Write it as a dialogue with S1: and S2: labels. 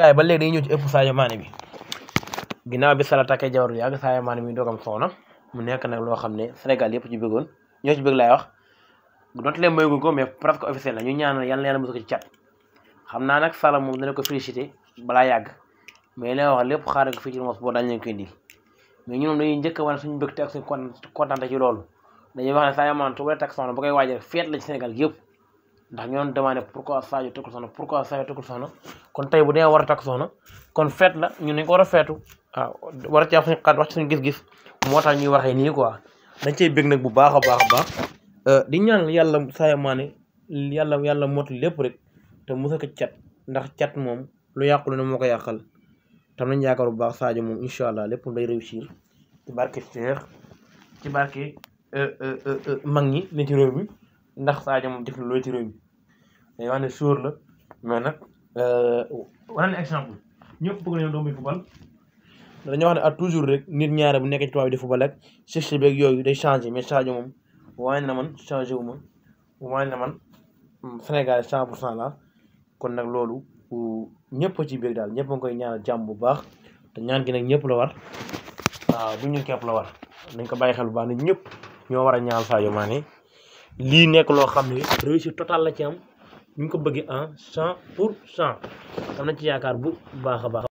S1: gars yi ba léegi dañuy ñëw ci ëpp Sadio Mané bi ginnaaw bi Salah jabar yàgg Sadio Mané mi doogam soxna mu nekk nag loo xam ne Sénégal yëpp ci bëggoon ñoo ci bëgg laay wax donte leen mayaguñ ko mais presque officiel la ñu ñaanal yàlla na yàlla mosu ko ci cat xam naa nag Salah moom dana ko félicité balaa yàgg mais li wax lépp xaaral ko fii ci mos boo daañu leen koy indil mais ñun moom dañuy njëkk a wane bëgg te ak suñu kontaan ci loolu dañuy wax ne Sadio ndax ñoo doon demandé pourquoi Sadio takkul soxna pourquoi Sadio takkul soxna kon tey bu dee war a takk soxna kon feet la ñun dañu ko war a feetu waaw war a ci gis-gis moo tax ñuy waxee nii quoi dañ cey bëgg nag bu baax a baax a baax euh, di ñaan yàlla Sadio Mané yàlla yàlla motu lépp rek te mos ko cat ndax cat moom lu yàqu ne moo ko yàqal tam nañ yaakaar bu baax Sadio moom incha allah lépp day réussir ci barke Cheikh ci barke euh, euh, mag ñi ne ci réew mi ndax Sadio moom def na ci réew mi dañuy wax ne sóor la mais nag euh, waneen exemple ñëpp bëgg nañu doom bi dañoo wax ne at toujours rek nit ñaare bu nekkee ci tubaab bi di football rek siste beeg yooyu day changé mais Sadio moom waaye na man changé wu ma waaye na man mm, Sénégal cent pour cent la kon nag loolu euh, ñëpp ci biir daal ñëpp a ngi koy ñaar jàmm bu baax te ñaan gi nag ñëpp la war waaw du ñu képp la war nañ ko bàyyi xel bu baax nit ñëpp ñoo war a ñaanal Sadio Mané lii nekk loo xam ne réussite totale la ci am ñu ko bëggee en cent pour cent am na ci yaakaar bu baax a baax